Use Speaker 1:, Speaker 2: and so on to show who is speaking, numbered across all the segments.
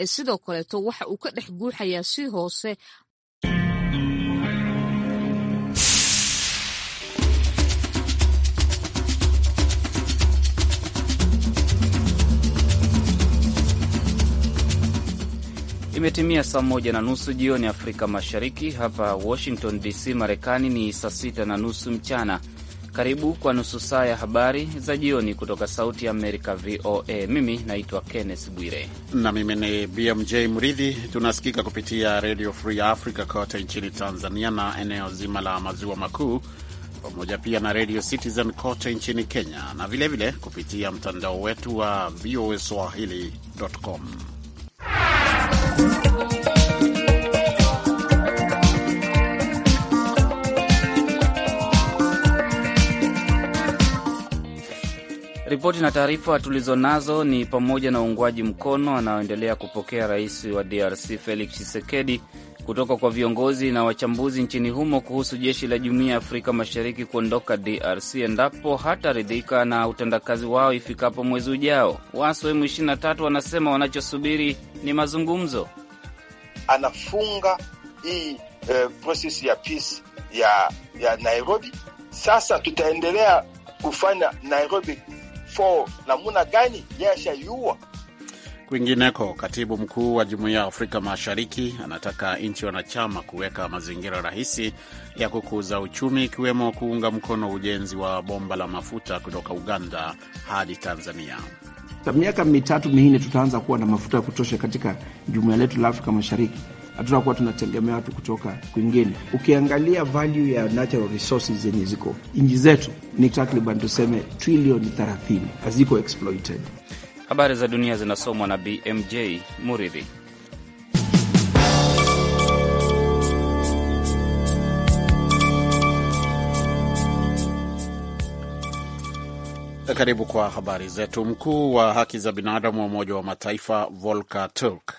Speaker 1: ee sidoo kaleeto waxa uu ka dhex guuxayaa si hoose
Speaker 2: Imetimia saa moja na nusu jioni Afrika Mashariki. Hapa Washington DC, Marekani ni saa sita na nusu mchana. Karibu kwa nusu saa ya habari za jioni kutoka Sauti ya Amerika, VOA. Mimi naitwa Kenneth Bwire na mimi
Speaker 3: ni BMJ Mridhi. Tunasikika kupitia Redio Free Africa kote nchini Tanzania na eneo zima la maziwa makuu, pamoja pia na Redio Citizen kote nchini Kenya, na vilevile vile kupitia mtandao wetu wa VOA swahili.com
Speaker 2: Ripoti na taarifa tulizonazo ni pamoja na uungwaji mkono anaoendelea kupokea rais wa DRC Felix Tshisekedi kutoka kwa viongozi na wachambuzi nchini humo kuhusu jeshi la jumuiya ya Afrika Mashariki kuondoka DRC endapo hataridhika na utendakazi wao ifikapo mwezi ujao. Waasi wa M23 wanasema wanachosubiri ni mazungumzo.
Speaker 4: Anafunga hii uh, eh, prosesi ya peace ya, ya Nairobi. Sasa tutaendelea kufanya Nairobi 4 namuna gani yashayua.
Speaker 3: Kwingineko, katibu mkuu wa jumuiya ya Afrika Mashariki anataka nchi wanachama kuweka mazingira rahisi ya kukuza uchumi, ikiwemo kuunga mkono ujenzi wa bomba la mafuta kutoka Uganda hadi Tanzania.
Speaker 5: Miaka mitatu minne, tutaanza kuwa na mafuta ya kutosha katika jumuiya letu la Afrika Mashariki hatutakuwa tunategemea watu kutoka kwingine. Ukiangalia value ya natural resources zenye ziko nchi zetu ni takriban tuseme trilioni 30 haziko exploited.
Speaker 2: Habari za dunia zinasomwa na BMJ Muridhi.
Speaker 3: Karibu kwa habari zetu. Mkuu wa haki za binadamu wa Umoja wa Mataifa Volker Turk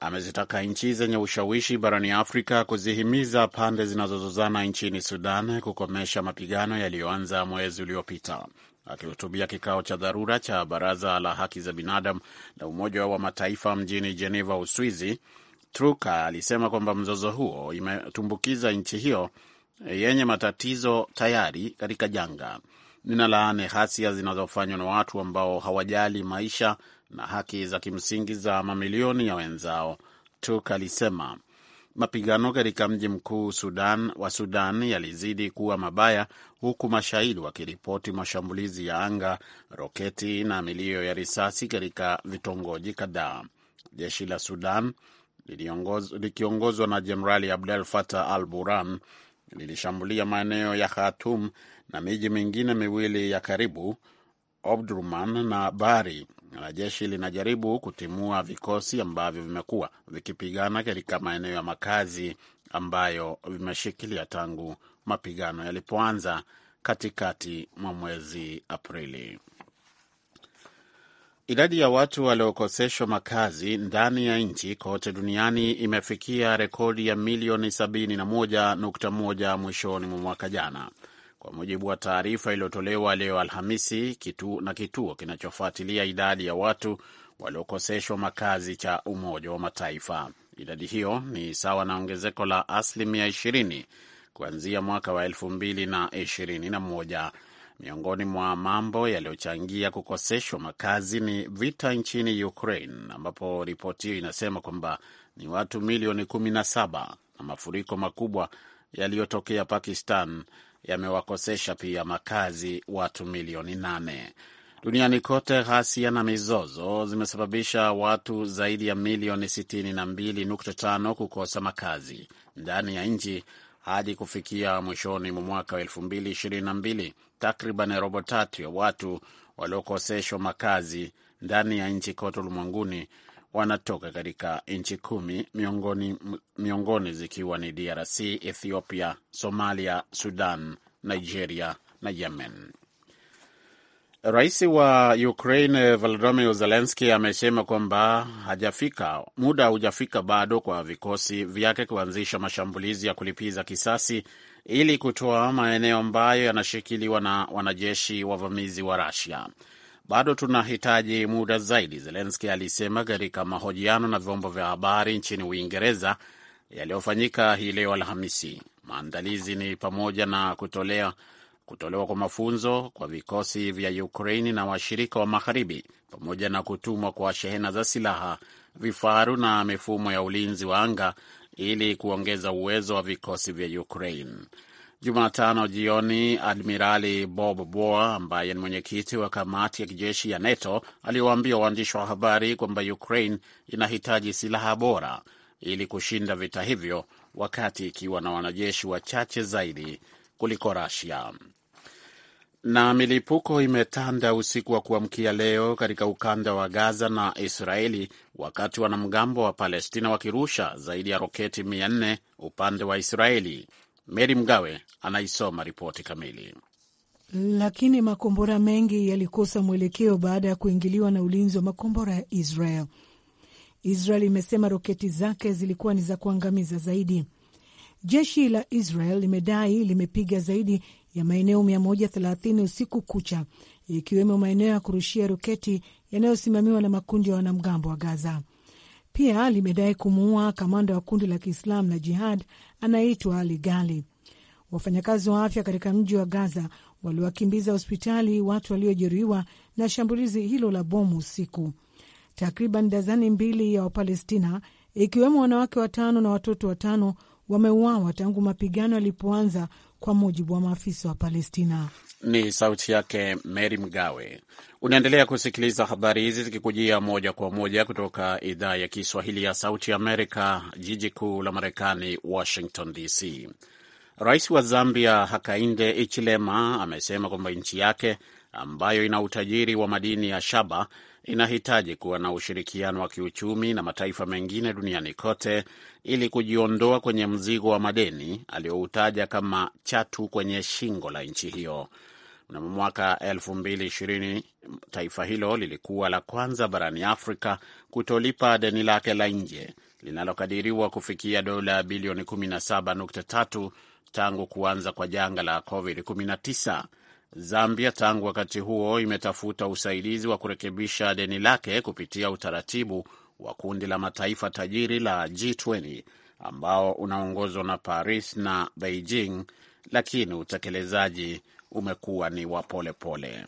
Speaker 3: amezitaka nchi zenye ushawishi barani Afrika kuzihimiza pande zinazozozana nchini Sudan kukomesha mapigano yaliyoanza mwezi uliopita. Akihutubia kikao cha dharura cha Baraza la Haki za Binadamu la Umoja wa Mataifa mjini Jeneva, Uswizi, truka alisema kwamba mzozo huo imetumbukiza nchi hiyo yenye matatizo tayari katika janga. Ninalaani ghasia zinazofanywa na watu ambao hawajali maisha na haki za kimsingi za mamilioni ya wenzao. Tuk alisema mapigano katika mji mkuu Sudan wa Sudan yalizidi kuwa mabaya, huku mashahidi wakiripoti mashambulizi ya anga, roketi na milio ya risasi katika vitongoji kadhaa. Jeshi la Sudan likiongozwa na Jenerali Abdel Fattah al Burhan lilishambulia maeneo ya Khartoum na miji mingine miwili ya karibu, Omdurman na Bari, na jeshi linajaribu kutimua vikosi ambavyo vimekuwa vikipigana katika maeneo ya makazi ambayo vimeshikilia tangu mapigano yalipoanza katikati mwa mwezi Aprili. Idadi ya watu waliokoseshwa makazi ndani ya nchi kote duniani imefikia rekodi ya milioni 71.1 mwishoni mwa mwaka jana. Kwa mujibu wa taarifa iliyotolewa leo Alhamisi kitu, na kituo kinachofuatilia idadi ya watu waliokoseshwa makazi cha Umoja wa Mataifa, idadi hiyo ni sawa na ongezeko la asilimia 20 kuanzia mwaka wa 2021. Miongoni mwa mambo yaliyochangia kukoseshwa makazi ni vita nchini Ukraine, ambapo ripoti hiyo inasema kwamba ni watu milioni 17 na mafuriko makubwa yaliyotokea Pakistan yamewakosesha pia makazi watu milioni nane. Duniani kote ghasia na mizozo zimesababisha watu zaidi ya milioni 62.5 kukosa makazi ndani ya nchi hadi kufikia mwishoni mwa mwaka wa 2022. Takriban robo tatu ya watu waliokoseshwa makazi ndani ya nchi kote ulimwenguni wanatoka katika nchi kumi miongoni, miongoni zikiwa ni DRC, Ethiopia, Somalia, Sudan, Nigeria na Yemen. Rais wa Ukraine Volodymyr zelenski amesema kwamba hajafika muda hujafika bado kwa vikosi vyake kuanzisha mashambulizi ya kulipiza kisasi ili kutoa maeneo ambayo yanashikiliwa na wanajeshi wavamizi wa Russia bado tunahitaji muda zaidi, Zelenski alisema katika mahojiano na vyombo vya habari nchini Uingereza yaliyofanyika hii leo Alhamisi. Maandalizi ni pamoja na kutolea kutolewa kwa mafunzo kwa vikosi vya Ukraini na washirika wa Magharibi, pamoja na kutumwa kwa shehena za silaha, vifaru na mifumo ya ulinzi wa anga ili kuongeza uwezo wa vikosi vya Ukraine. Jumatano jioni Admirali Bob Boa, ambaye ni mwenyekiti wa kamati ya kijeshi ya NATO, aliwaambia waandishi wa habari kwamba Ukraine inahitaji silaha bora ili kushinda vita hivyo, wakati ikiwa na wanajeshi wachache zaidi kuliko Rusia. Na milipuko imetanda usiku wa kuamkia leo katika ukanda wa Gaza na Israeli, wakati wanamgambo wa Palestina wakirusha zaidi ya roketi 400 upande wa Israeli. Meri Mgawe anaisoma ripoti kamili.
Speaker 1: Lakini makombora mengi yalikosa mwelekeo baada ya kuingiliwa na ulinzi wa makombora ya Israel. Israel imesema roketi zake zilikuwa ni za kuangamiza zaidi. Jeshi la Israel limedai limepiga zaidi ya maeneo 130 usiku kucha, ikiwemo maeneo ya kurushia roketi yanayosimamiwa na makundi ya wanamgambo wa Gaza. Pia limedai kumuua kamanda wa kundi la Kiislamu la Jihad anayeitwa Ali Gali. Wafanyakazi wa afya katika mji wa Gaza waliwakimbiza hospitali watu waliojeruhiwa na shambulizi hilo la bomu usiku. Takriban dazani mbili ya Wapalestina, ikiwemo wanawake watano na watoto watano, wameuawa tangu mapigano yalipoanza, kwa mujibu wa maafisa wa Palestina.
Speaker 3: Ni sauti yake Mary Mgawe. Unaendelea kusikiliza habari hizi zikikujia moja kwa moja kutoka idhaa ya Kiswahili ya Sauti Amerika, jiji kuu la Marekani, Washington DC. Rais wa Zambia Hakainde Ichilema amesema kwamba nchi yake ambayo ina utajiri wa madini ya shaba inahitaji kuwa na ushirikiano wa kiuchumi na mataifa mengine duniani kote ili kujiondoa kwenye mzigo wa madeni aliyoutaja kama chatu kwenye shingo la nchi hiyo. Mnamo mwaka 2020 taifa hilo lilikuwa la kwanza barani Afrika kutolipa deni lake la nje linalokadiriwa kufikia dola bilioni 17.3 tangu kuanza kwa janga la COVID-19. Zambia tangu wakati huo imetafuta usaidizi wa kurekebisha deni lake kupitia utaratibu wa kundi la mataifa tajiri la G20 ambao unaongozwa na Paris na Beijing, lakini utekelezaji umekuwa ni wa polepole.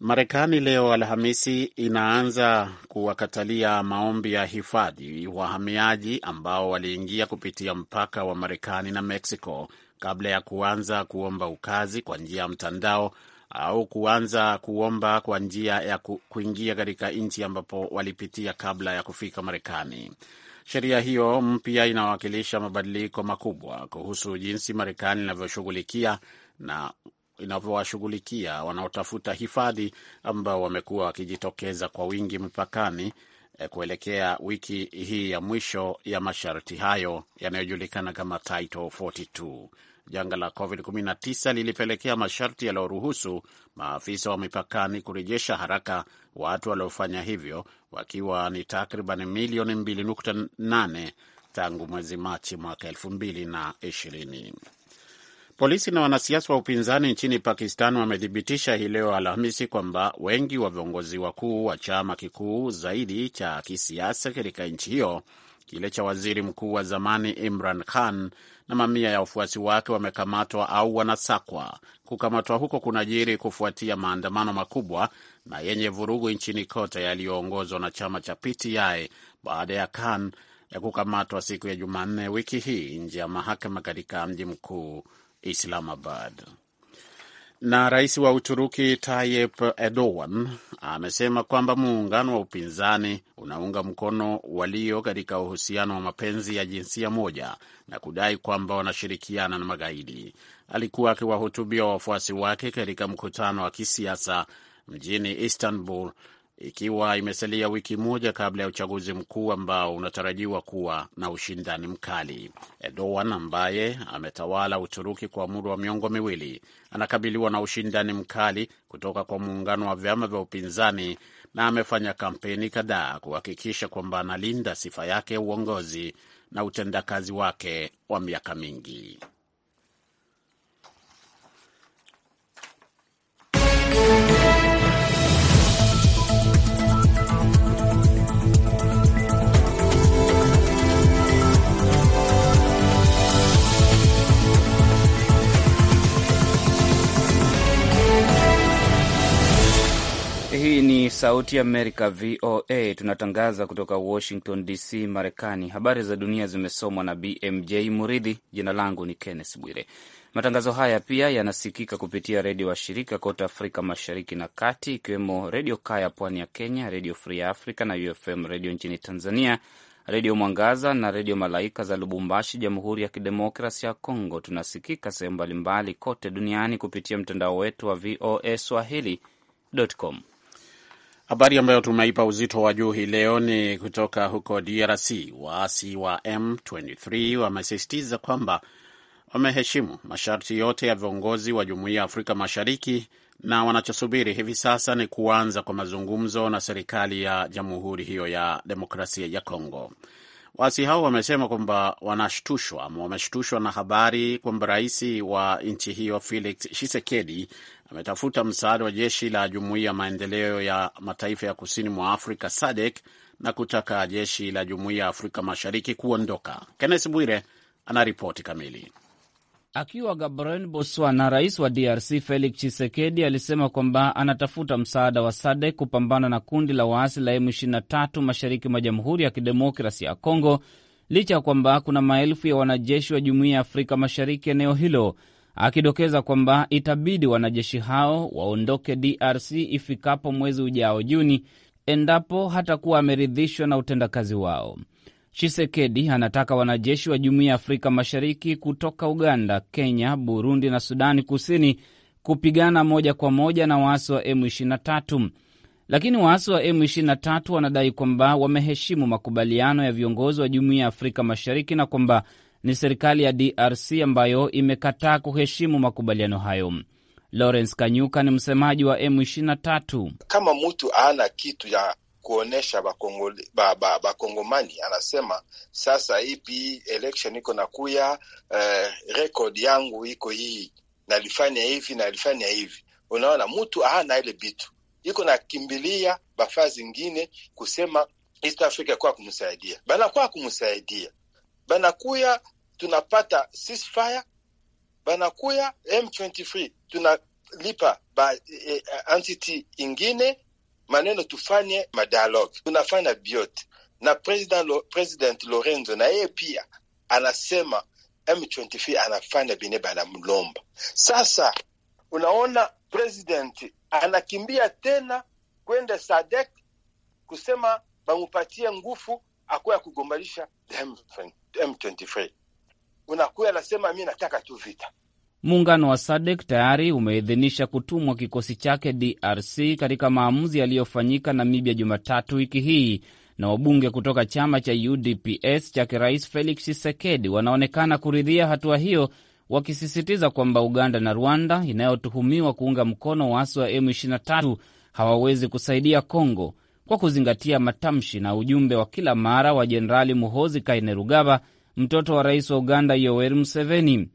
Speaker 3: Marekani leo Alhamisi inaanza kuwakatalia maombi ya hifadhi wahamiaji ambao waliingia kupitia mpaka wa Marekani na Mexico kabla ya kuanza kuomba ukazi kwa njia ya mtandao au kuanza kuomba kwa njia ya kuingia katika nchi ambapo walipitia kabla ya kufika Marekani. Sheria hiyo mpya inawakilisha mabadiliko makubwa kuhusu jinsi Marekani inavyoshughulikia na inavyowashughulikia wanaotafuta hifadhi ambao wamekuwa wakijitokeza kwa wingi mpakani eh, kuelekea wiki hii ya mwisho ya masharti hayo yanayojulikana kama Title 42 janga la COVID-19 lilipelekea masharti yaliyoruhusu maafisa wa mipakani kurejesha haraka watu waliofanya hivyo, wakiwa ni takriban milioni 2.8 tangu mwezi Machi mwaka 2020. Polisi na wanasiasa wa upinzani nchini Pakistan wamethibitisha hii leo Alhamisi kwamba wengi wa viongozi wakuu wa chama kikuu zaidi cha kisiasa katika nchi hiyo, kile cha waziri mkuu wa zamani Imran Khan, na mamia ya wafuasi wake wamekamatwa au wanasakwa. Kukamatwa huko kunajiri kufuatia maandamano makubwa na yenye vurugu nchini kote yaliyoongozwa na chama cha PTI baada ya Khan ya kukamatwa siku ya Jumanne wiki hii nje ya mahakama katika mji mkuu Islamabad. Na rais wa Uturuki Tayyip Erdogan amesema kwamba muungano wa upinzani unaunga mkono walio katika uhusiano wa mapenzi ya jinsia moja na kudai kwamba wanashirikiana na magaidi. Alikuwa akiwahutubia wafuasi wake katika mkutano wa kisiasa mjini Istanbul ikiwa imesalia wiki moja kabla ya uchaguzi mkuu ambao unatarajiwa kuwa na ushindani mkali. Erdogan ambaye ametawala Uturuki kwa muda wa miongo miwili anakabiliwa na ushindani mkali kutoka kwa muungano wa vyama vya upinzani na amefanya kampeni kadhaa kuhakikisha kwamba analinda sifa yake ya uongozi na utendakazi wake wa miaka mingi.
Speaker 2: Hii ni Sauti ya Amerika, VOA. Tunatangaza kutoka Washington DC, Marekani. Habari za dunia zimesomwa na BMJ Muridhi. Jina langu ni Kenneth Bwire. Matangazo haya pia yanasikika kupitia redio washirika kote Afrika Mashariki na Kati, ikiwemo Redio Kaya pwani ya Kenya, Redio Free Africa na UFM Redio nchini Tanzania, Redio Mwangaza na Redio Malaika za Lubumbashi, Jamhuri ya Kidemokrasi ya congo Tunasikika sehemu mbalimbali kote duniani kupitia mtandao wetu wa VOA Swahili Habari ambayo tumeipa uzito wa juu hii leo ni
Speaker 3: kutoka huko DRC. Waasi wa M23 wamesisitiza kwamba wameheshimu masharti yote ya viongozi wa Jumuiya ya Afrika Mashariki na wanachosubiri hivi sasa ni kuanza kwa mazungumzo na serikali ya jamhuri hiyo ya demokrasia ya congo Waasi hao wamesema kwamba wanashtushwa ama wameshtushwa na habari kwamba rais wa nchi hiyo Felix Tshisekedi ametafuta msaada wa jeshi la Jumuiya ya Maendeleo ya Mataifa ya Kusini mwa Afrika SADC na kutaka jeshi la Jumuiya ya Afrika Mashariki kuondoka. kennes Bwire ana ripoti kamili.
Speaker 2: Akiwa Gaborone, Botswana, rais wa DRC Felix Tshisekedi alisema kwamba anatafuta msaada wa SADC kupambana na kundi la waasi la M23 mashariki mwa Jamhuri ya Kidemokrasia ya Kongo, licha ya kwamba kuna maelfu ya wanajeshi wa Jumuiya ya Afrika Mashariki eneo hilo, akidokeza kwamba itabidi wanajeshi hao waondoke DRC ifikapo mwezi ujao Juni, endapo hatakuwa ameridhishwa na utendakazi wao. Chisekedi anataka wanajeshi wa Jumuiya ya Afrika Mashariki kutoka Uganda, Kenya, Burundi na Sudani Kusini kupigana moja kwa moja na waasi wa M23, lakini waasi wa M23 wanadai kwamba wameheshimu makubaliano ya viongozi wa Jumuiya ya Afrika Mashariki na kwamba ni serikali ya DRC ambayo imekataa kuheshimu makubaliano hayo. Lawrence Kanyuka ni msemaji wa M23.
Speaker 4: Kama mtu ana kitu ya kuonyesha bakongomani ba, ba, ba anasema sasa ipi election iko na kuya eh, rekodi yangu iko hii, nalifanya hivi nalifanya hivi. Unaona, mtu ahana ile bitu iko nakimbilia bafaa zingine kusema East Africa kwa kumsaidia, banakuwa kumsaidia, banakuya tunapata ceasefire, banakuya M23 tunalipa ba, eh, eh entity ingine maneno tufanye madialogue, tunafanya biot na president, lo, president Lorenzo na yeye pia anasema M23 anafanya bine mlomba Sasa unaona president anakimbia tena kwenda Sadek kusema bamupatie nguvu akuwa ya kugombalisha M23. Unakuya anasema mi nataka tu
Speaker 2: vita Muungano wa SADC tayari umeidhinisha kutumwa kikosi chake DRC katika maamuzi yaliyofanyika Namibia Jumatatu wiki hii, na wabunge kutoka chama cha UDPS chake Rais Felix Tshisekedi wanaonekana kuridhia hatua hiyo, wakisisitiza kwamba Uganda na Rwanda inayotuhumiwa kuunga mkono waasi wa M23 hawawezi kusaidia Kongo kwa kuzingatia matamshi na ujumbe wa kila mara wa Jenerali Muhozi Kainerugaba, mtoto wa rais wa Uganda Yoweri Museveni.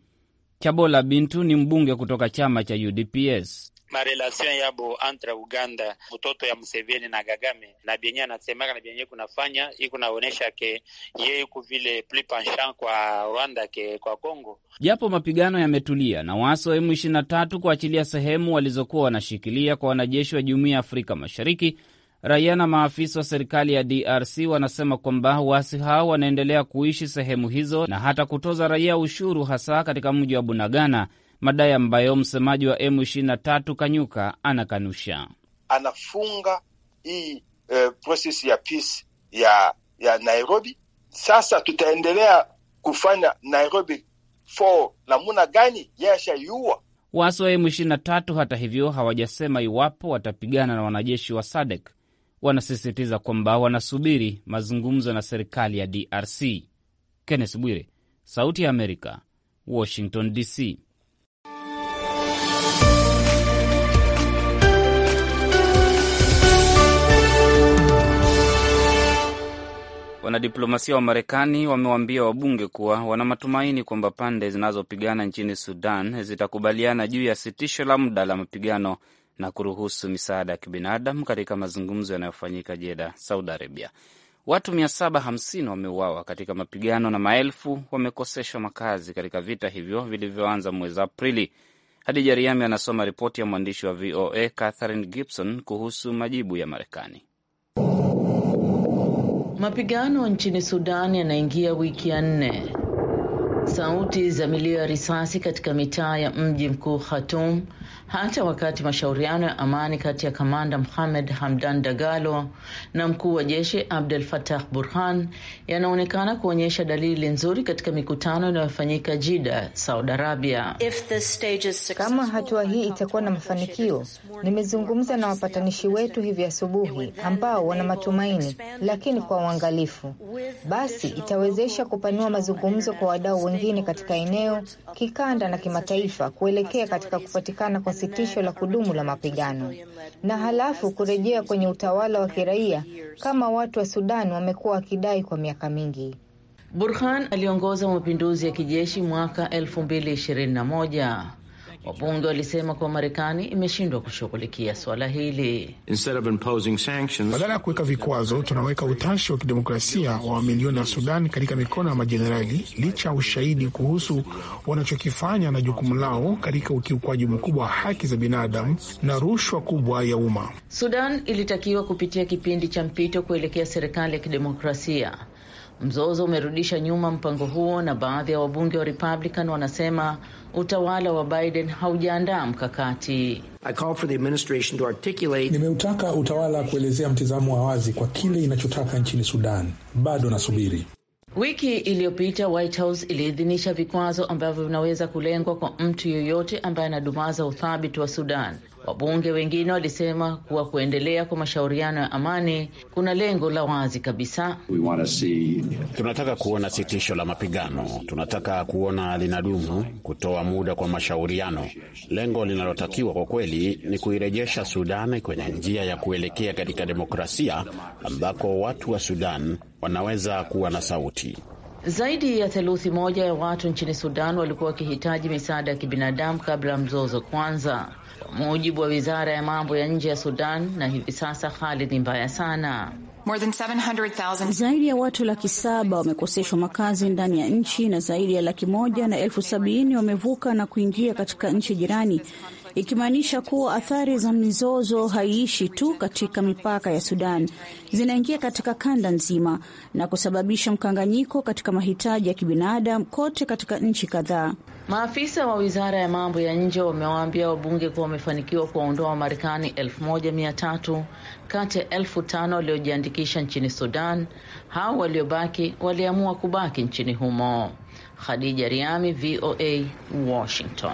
Speaker 2: Chabola Bintu ni mbunge kutoka chama cha UDPS. marelasio yabo antra Uganda mtoto ya Museveni na gagame na bienye anasemaka na bienye kunafanya iko naonesha ke yeye ku vile plipanshan kwa Rwanda ke kwa Congo. Japo mapigano yametulia na waso wa M23 kuachilia sehemu walizokuwa wanashikilia kwa wanajeshi wa Jumuiya ya Afrika Mashariki Raia na maafisa wa serikali ya DRC wanasema kwamba waasi hao wanaendelea kuishi sehemu hizo na hata kutoza raia ushuru, hasa katika mji wa Bunagana, madai ambayo msemaji wa M23 Kanyuka anakanusha.
Speaker 4: Anafunga hii e, eh, proses ya peace ya ya Nairobi. Sasa tutaendelea kufanya Nairobi fo namuna gani? Yashayua
Speaker 2: waasi wa M23. Hata hivyo hawajasema iwapo watapigana na wanajeshi wa SADC wanasisitiza kwamba wanasubiri mazungumzo na serikali ya DRC. Kenneth Bwire, Sauti ya Amerika, Washington DC. Wanadiplomasia wa Marekani wamewaambia wabunge kuwa wana matumaini kwamba pande zinazopigana nchini Sudan zitakubaliana juu ya sitisho la muda la mapigano na kuruhusu misaada ya kibinadamu katika mazungumzo yanayofanyika Jeda, Saudi Arabia. Watu 750 wameuawa katika mapigano na maelfu wamekoseshwa makazi katika vita hivyo vilivyoanza mwezi Aprili. Hadija Riami anasoma ripoti ya mwandishi wa VOA Catherine Gibson kuhusu majibu ya Marekani.
Speaker 1: Mapigano nchini Sudan yanaingia wiki ya nne sauti za milio ya risasi katika mitaa ya mji mkuu Khartoum hata wakati mashauriano ya amani kati ya kamanda Mohamed Hamdan Dagalo na mkuu wa jeshi Abdel Fattah Burhan yanaonekana kuonyesha dalili nzuri katika mikutano inayofanyika Jida, Saudi Arabia. Kama hatua hii itakuwa na mafanikio, nimezungumza
Speaker 2: na wapatanishi wetu hivi asubuhi, ambao wana matumaini, lakini kwa uangalifu, basi itawezesha kupanua mazungumzo kwa wadau wengine wengine katika eneo, kikanda na kimataifa kuelekea katika kupatikana kwa sitisho la kudumu la mapigano na halafu kurejea kwenye utawala wa kiraia kama watu wa Sudan wamekuwa wakidai kwa miaka mingi.
Speaker 1: Burhan aliongoza mapinduzi ya kijeshi mwaka 2021. Wabunge walisema kuwa Marekani imeshindwa kushughulikia swala hili.
Speaker 4: Badala ya kuweka vikwazo, tunaweka utashi wa kidemokrasia wa mamilioni ya Sudan katika mikono ya majenerali, licha ya ushahidi kuhusu wanachokifanya na jukumu lao katika ukiukwaji mkubwa wa haki za binadamu na rushwa kubwa ya umma.
Speaker 1: Sudan ilitakiwa kupitia kipindi cha mpito kuelekea serikali ya kidemokrasia Mzozo umerudisha nyuma mpango huo na baadhi ya wabunge wa Republican wanasema utawala wa Biden haujaandaa
Speaker 4: mkakati.
Speaker 2: Articulate...
Speaker 4: nimeutaka utawala kuelezea mtizamo wa wazi kwa kile inachotaka nchini Sudan.
Speaker 6: Bado nasubiri.
Speaker 1: Wiki iliyopita White House iliidhinisha vikwazo ambavyo vinaweza kulengwa kwa mtu yoyote ambaye anadumaza uthabiti wa Sudan. Wabunge wengine walisema kuwa kuendelea kwa mashauriano ya amani kuna lengo la wazi kabisa.
Speaker 3: see... tunataka kuona sitisho la mapigano, tunataka kuona linadumu, kutoa muda kwa mashauriano. Lengo linalotakiwa kwa kweli ni kuirejesha Sudani kwenye njia ya kuelekea katika demokrasia ambako watu wa Sudan wanaweza kuwa na sauti.
Speaker 1: Zaidi ya theluthi moja ya watu nchini Sudan walikuwa wakihitaji misaada ya kibinadamu kabla ya mzozo kwanza kwa mujibu wa wizara ya mambo ya nje ya Sudan, na hivi sasa hali ni mbaya sana.
Speaker 2: More than 700,000... zaidi
Speaker 1: ya watu laki saba wamekoseshwa makazi ndani ya nchi na zaidi ya laki moja na elfu sabini wamevuka na kuingia katika nchi jirani ikimaanisha kuwa athari za mizozo haiishi tu katika mipaka ya Sudan, zinaingia katika kanda nzima na kusababisha mkanganyiko katika mahitaji ya kibinadamu kote katika nchi kadhaa. Maafisa wa wizara ya mambo ya nje wamewaambia wabunge kuwa wamefanikiwa kuwaondoa Wamarekani 1300 kati ya 5000 waliojiandikisha nchini Sudan. Hao waliobaki waliamua kubaki nchini humo. Khadija Riami, VOA, Washington.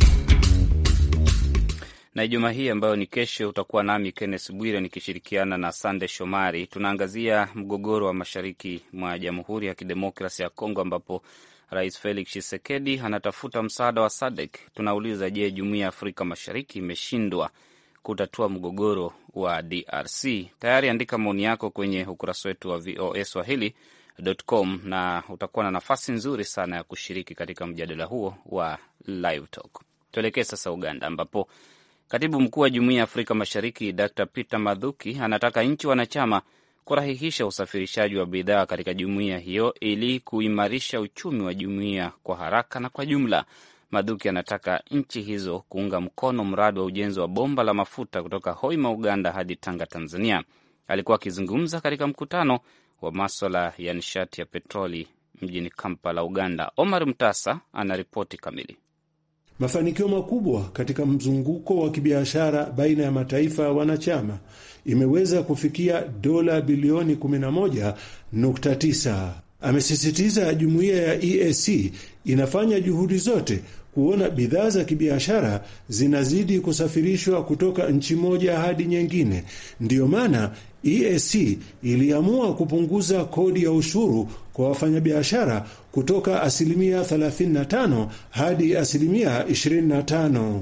Speaker 2: na Ijumaa hii ambayo ni kesho utakuwa nami kennes Bwire nikishirikiana na Sande Shomari. Tunaangazia mgogoro wa mashariki mwa Jamhuri ya Kidemokrasi ya Kongo ambapo Rais Felix Tshisekedi anatafuta msaada wa SADC. Tunauliza, je, Jumuiya ya Afrika Mashariki imeshindwa kutatua mgogoro wa DRC? Tayari andika maoni yako kwenye ukurasa wetu wa VOA com na utakuwa na nafasi nzuri sana ya kushiriki katika mjadala huo wa Live Talk. Tuelekee sasa Uganda ambapo Katibu mkuu wa Jumuiya ya Afrika Mashariki Dr Peter madhuki anataka nchi wanachama kurahihisha usafirishaji wa bidhaa katika jumuiya hiyo ili kuimarisha uchumi wa jumuiya kwa haraka na kwa jumla. madhuki anataka nchi hizo kuunga mkono mradi wa ujenzi wa bomba la mafuta kutoka Hoima, Uganda hadi Tanga, Tanzania. Alikuwa akizungumza katika mkutano wa maswala ya nishati ya petroli mjini Kampala, Uganda. Omar Mtasa anaripoti kamili
Speaker 6: mafanikio makubwa katika mzunguko wa kibiashara baina ya mataifa ya wanachama imeweza kufikia dola bilioni 11.9. Amesisitiza jumuiya ya EAC inafanya juhudi zote kuona bidhaa za kibiashara zinazidi kusafirishwa kutoka nchi moja hadi nyingine. Ndiyo maana EAC iliamua kupunguza kodi ya ushuru kwa wafanyabiashara kutoka asilimia 35 hadi asilimia 25.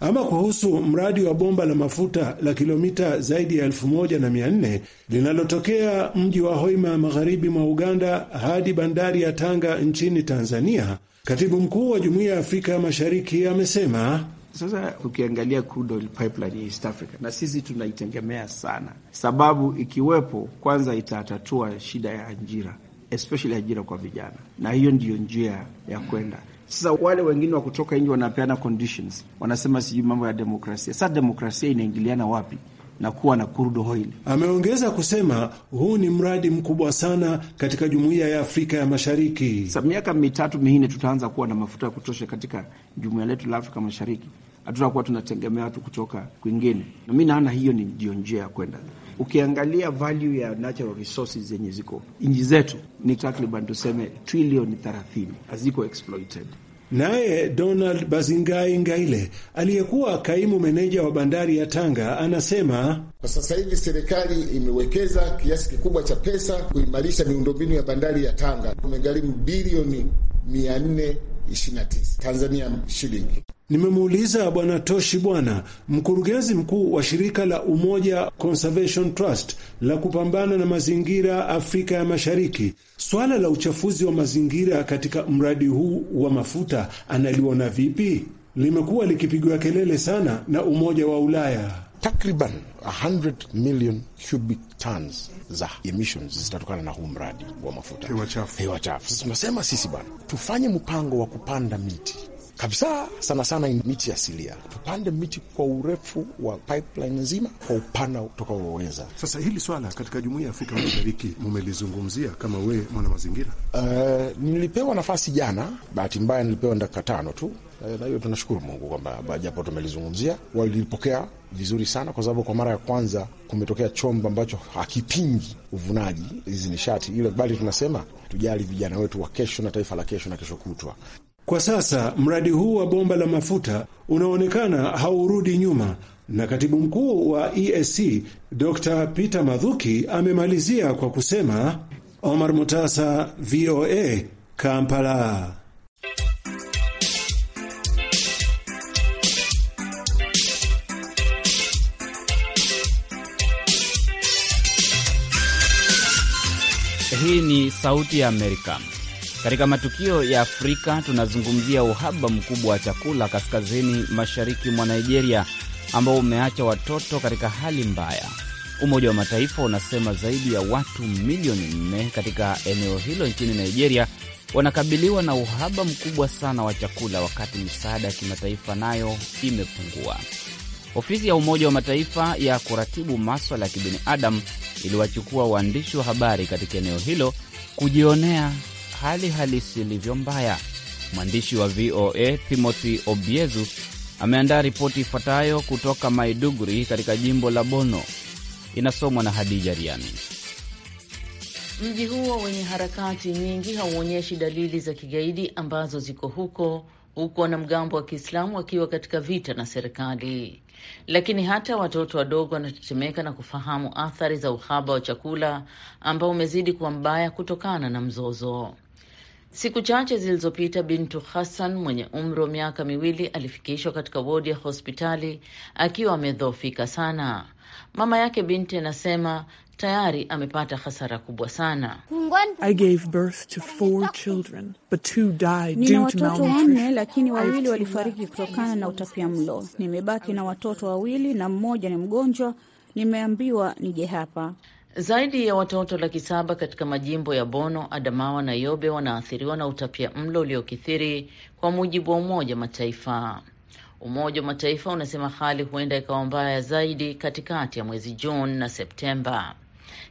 Speaker 6: Ama kuhusu mradi wa bomba la mafuta la kilomita zaidi ya elfu moja na mia nne linalotokea mji wa Hoima magharibi mwa Uganda hadi bandari ya Tanga nchini Tanzania, katibu mkuu wa Jumuiya ya Afrika Mashariki
Speaker 5: amesema sasa ukiangalia crude oil pipeline ya East Africa na sisi tunaitegemea sana, sababu ikiwepo, kwanza itatatua shida ya ajira, especially ajira kwa vijana, na hiyo ndiyo njia ya kwenda sasa wale wengine wa kutoka nje wanapeana conditions, wanasema sijui mambo ya demokrasia. Sasa demokrasia inaingiliana wapi na kuwa na crude oil? Ameongeza kusema huu ni mradi mkubwa sana katika jumuiya ya Afrika ya Mashariki. Sa miaka mitatu minne, tutaanza kuwa na mafuta ya kutosha katika jumuiya letu la Afrika Mashariki, hatutakuwa tunategemea watu kutoka kwingine, na mi naona hiyo ni jio njia ya kwenda Ukiangalia value ya natural resources zenye ziko nchi zetu ni takriban tuseme trilioni 30 haziko exploited. Naye Donald
Speaker 6: Bazingai Ngaile aliyekuwa kaimu meneja wa bandari ya Tanga anasema kwa sasa hivi serikali imewekeza kiasi kikubwa cha pesa kuimarisha miundombinu ya bandari ya Tanga, umegharimu bilioni mia nne 29 Tanzania shilingi. Nimemuuliza Bwana Toshi Bwana, mkurugenzi mkuu wa shirika la Umoja Conservation Trust la kupambana na mazingira Afrika ya Mashariki, swala la uchafuzi wa mazingira katika mradi huu wa mafuta analiona vipi? Limekuwa likipigwa kelele sana na Umoja wa Ulaya takriban 100
Speaker 4: million cubic tons za emissions zitatokana na huu mradi wa mafuta hewa chafu, hewa chafu. Sasa tunasema sisi bana, tufanye mpango wa kupanda miti kabisa, sana sana miti asilia, tupande miti kwa urefu wa pipeline nzima, kwa upana
Speaker 6: utakaoweza. Sasa hili swala katika jumuia ya Afrika Mashariki mumelizungumzia kama we mwana mazingira?
Speaker 4: Uh, nilipewa nafasi jana, bahati mbaya nilipewa dakika tano tu Eh, na hiyo tunashukuru Mungu kwamba japo tumelizungumzia, walilipokea vizuri sana, kwa sababu kwa mara ya kwanza kumetokea chombo ambacho hakipingi uvunaji hizi nishati ile, bali tunasema
Speaker 6: tujali vijana wetu wa kesho na taifa la kesho na kesho kutwa. Kwa sasa mradi huu wa bomba la mafuta unaonekana haurudi nyuma, na katibu mkuu wa EAC Dr Peter Madhuki amemalizia kwa kusema. Omar Mutasa, VOA, Kampala.
Speaker 2: Hii ni Sauti ya Amerika. Katika matukio ya Afrika, tunazungumzia uhaba mkubwa wa chakula kaskazini mashariki mwa Nigeria, ambao umeacha watoto katika hali mbaya. Umoja wa Mataifa unasema zaidi ya watu milioni nne katika eneo hilo nchini Nigeria wanakabiliwa na uhaba mkubwa sana wa chakula, wakati misaada ya kimataifa nayo imepungua. Ofisi ya Umoja wa Mataifa ya kuratibu maswala ya kibinadamu iliwachukua waandishi wa habari katika eneo hilo kujionea hali halisi ilivyo mbaya. Mwandishi wa VOA Timothy Obiezu ameandaa ripoti ifuatayo kutoka Maiduguri katika jimbo la bono Inasomwa na Hadija Riami.
Speaker 1: Mji huo wenye harakati nyingi hauonyeshi dalili za kigaidi ambazo ziko huko, huku wanamgambo wa Kiislamu wakiwa katika vita na serikali. Lakini hata watoto wadogo wanatetemeka na kufahamu athari za uhaba wa chakula ambao umezidi kuwa mbaya kutokana na mzozo. Siku chache zilizopita Bintu Hassan mwenye umri wa miaka miwili alifikishwa katika wodi ya hospitali akiwa amedhofika sana. Mama yake Binti anasema tayari amepata hasara kubwa sana.
Speaker 2: Nina watoto wanne, lakini wawili walifariki
Speaker 1: kutokana na utapia mlo. Nimebaki na watoto wawili na mmoja ni mgonjwa, nimeambiwa nije hapa. Zaidi ya watoto laki saba katika majimbo ya Bono, Adamawa na Yobe wanaathiriwa na utapia mlo uliokithiri kwa mujibu wa Umoja wa Mataifa. Umoja wa Mataifa unasema hali huenda ikawa mbaya zaidi katikati ya mwezi Juni na Septemba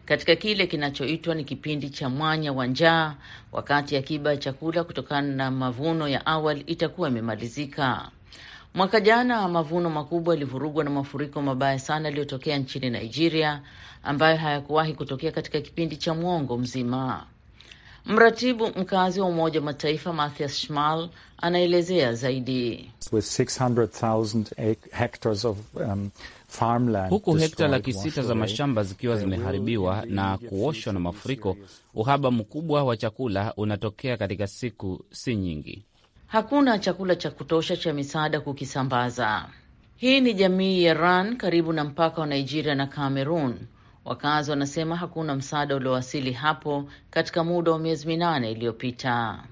Speaker 1: katika kile kinachoitwa ni kipindi cha mwanya wa njaa, wakati akiba ya chakula kutokana na mavuno ya awali itakuwa imemalizika. Mwaka jana mavuno makubwa yalivurugwa na mafuriko mabaya sana yaliyotokea nchini Nigeria ambayo hayakuwahi kutokea katika kipindi cha mwongo mzima. Mratibu mkazi wa Umoja wa Mataifa Mathias Schmal anaelezea zaidi. With 600, huku hekta laki sita za mashamba
Speaker 2: zikiwa zimeharibiwa na kuoshwa na mafuriko. Uhaba mkubwa wa chakula unatokea katika siku si nyingi.
Speaker 1: Hakuna chakula cha kutosha cha misaada kukisambaza. Hii ni jamii ya Ran karibu na mpaka wa Nigeria na Cameroon. Wakazi wanasema hakuna msaada uliowasili hapo katika muda wa miezi minane iliyopita.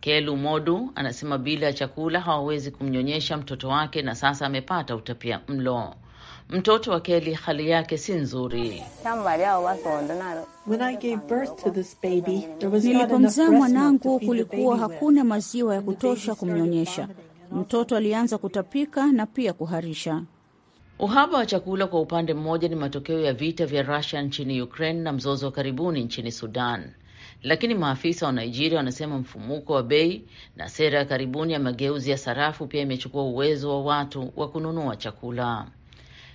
Speaker 1: Kelu Modu anasema bila ya chakula hawawezi kumnyonyesha mtoto wake na sasa amepata utapia mlo. Mtoto wa Keli hali yake si nzuri. Nilipomzaa mwanangu kulikuwa hakuna maziwa ya kutosha kumnyonyesha. Mtoto alianza kutapika na pia kuharisha. Uhaba wa chakula kwa upande mmoja ni matokeo ya vita vya Rusia nchini Ukraine na mzozo wa karibuni nchini Sudan, lakini maafisa wa Nigeria wanasema mfumuko wa bei na sera ya karibuni ya mageuzi ya sarafu pia imechukua uwezo wa watu wa kununua chakula.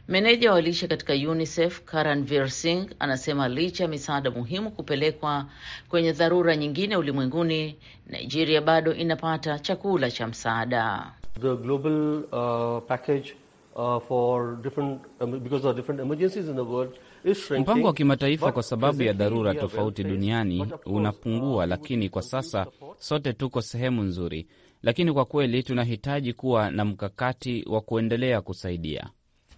Speaker 1: Meneja wa lishe katika UNICEF Karanvir Singh anasema licha ya misaada muhimu kupelekwa kwenye dharura nyingine ulimwenguni, Nigeria bado inapata chakula cha msaada. The
Speaker 3: global, uh, package, uh, for different, um, because of different emergencies in the world. Mpango wa kimataifa kwa sababu ya dharura tofauti
Speaker 2: duniani unapungua, uh, lakini kwa sasa sote tuko sehemu nzuri, lakini kwa kweli tunahitaji kuwa na mkakati wa kuendelea kusaidia.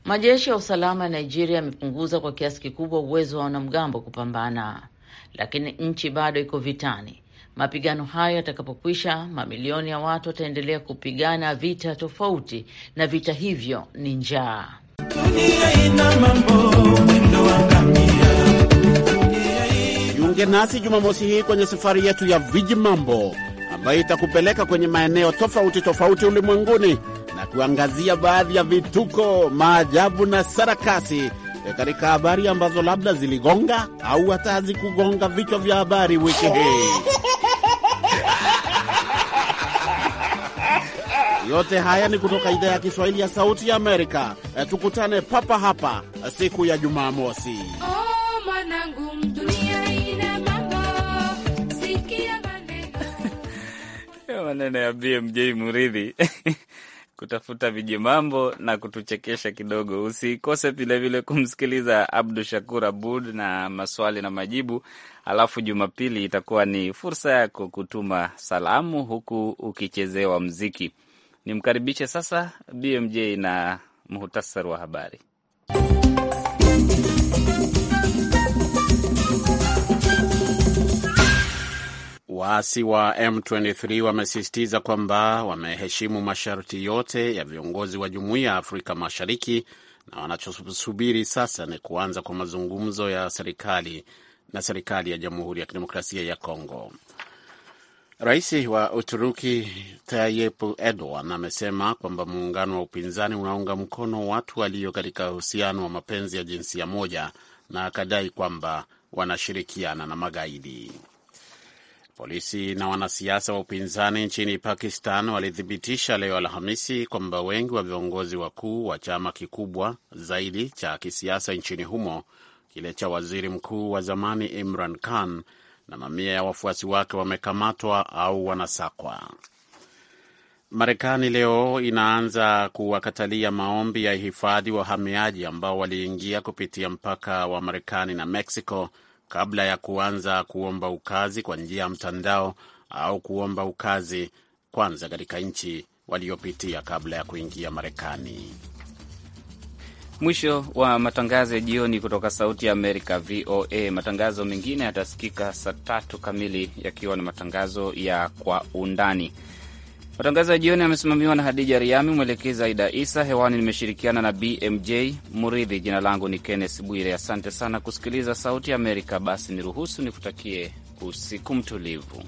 Speaker 1: Majeshi ya usalama ya Nigeria yamepunguza kwa kiasi kikubwa uwezo wa wanamgambo kupambana, lakini nchi bado iko vitani. Mapigano hayo yatakapokwisha, mamilioni ya watu wataendelea kupigana vita tofauti, na vita hivyo ni njaa.
Speaker 3: Jiunge nasi Jumamosi hii kwenye safari yetu ya Viji Mambo ambayo itakupeleka kwenye maeneo tofauti tofauti ulimwenguni na kuangazia baadhi ya vituko, maajabu na sarakasi e, katika habari ambazo labda ziligonga au hata hazikugonga vichwa vya habari wiki hii. Yote haya ni kutoka idhaa ya Kiswahili ya Sauti ya Amerika. E, tukutane papa hapa siku ya Jumamosi.
Speaker 2: Maneno ya BMJ Muridhi kutafuta vijimambo na kutuchekesha kidogo. Usikose vilevile kumsikiliza Abdu Shakur Abud na maswali na majibu, alafu Jumapili itakuwa ni fursa yako kutuma salamu huku ukichezewa mziki. Nimkaribishe sasa BMJ na muhtasari wa habari.
Speaker 3: Waasi wa M23 wamesisitiza kwamba wameheshimu masharti yote ya viongozi wa Jumuiya ya Afrika Mashariki na wanachosubiri sasa ni kuanza kwa mazungumzo ya serikali na serikali ya Jamhuri ya Kidemokrasia ya Kongo. Rais wa Uturuki Tayyip Erdogan amesema kwamba muungano wa upinzani unaunga mkono watu walio katika uhusiano wa mapenzi ya jinsia moja na akadai kwamba wanashirikiana na magaidi. Polisi na wanasiasa wa upinzani nchini Pakistan walithibitisha leo Alhamisi kwamba wengi wa viongozi wakuu wa chama kikubwa zaidi cha kisiasa nchini humo, kile cha waziri mkuu wa zamani Imran Khan, na mamia ya wafuasi wake wamekamatwa au wanasakwa. Marekani leo inaanza kuwakatalia maombi ya hifadhi wahamiaji ambao waliingia kupitia mpaka wa Marekani na Mexico kabla ya kuanza kuomba ukazi kwa njia ya mtandao au kuomba ukazi kwanza katika nchi waliopitia kabla ya kuingia Marekani.
Speaker 2: Mwisho wa matangazo ya jioni kutoka Sauti ya Amerika, VOA. Matangazo mengine yatasikika saa tatu kamili, yakiwa na matangazo ya Kwa Undani. Matangazo ya jioni yamesimamiwa na Hadija Riami, mwelekezi Aida Isa. Hewani nimeshirikiana na BMJ Muridhi. Jina langu ni kennes Bwire. Asante sana kusikiliza Sauti ya Amerika. Basi niruhusu nikutakie usiku mtulivu.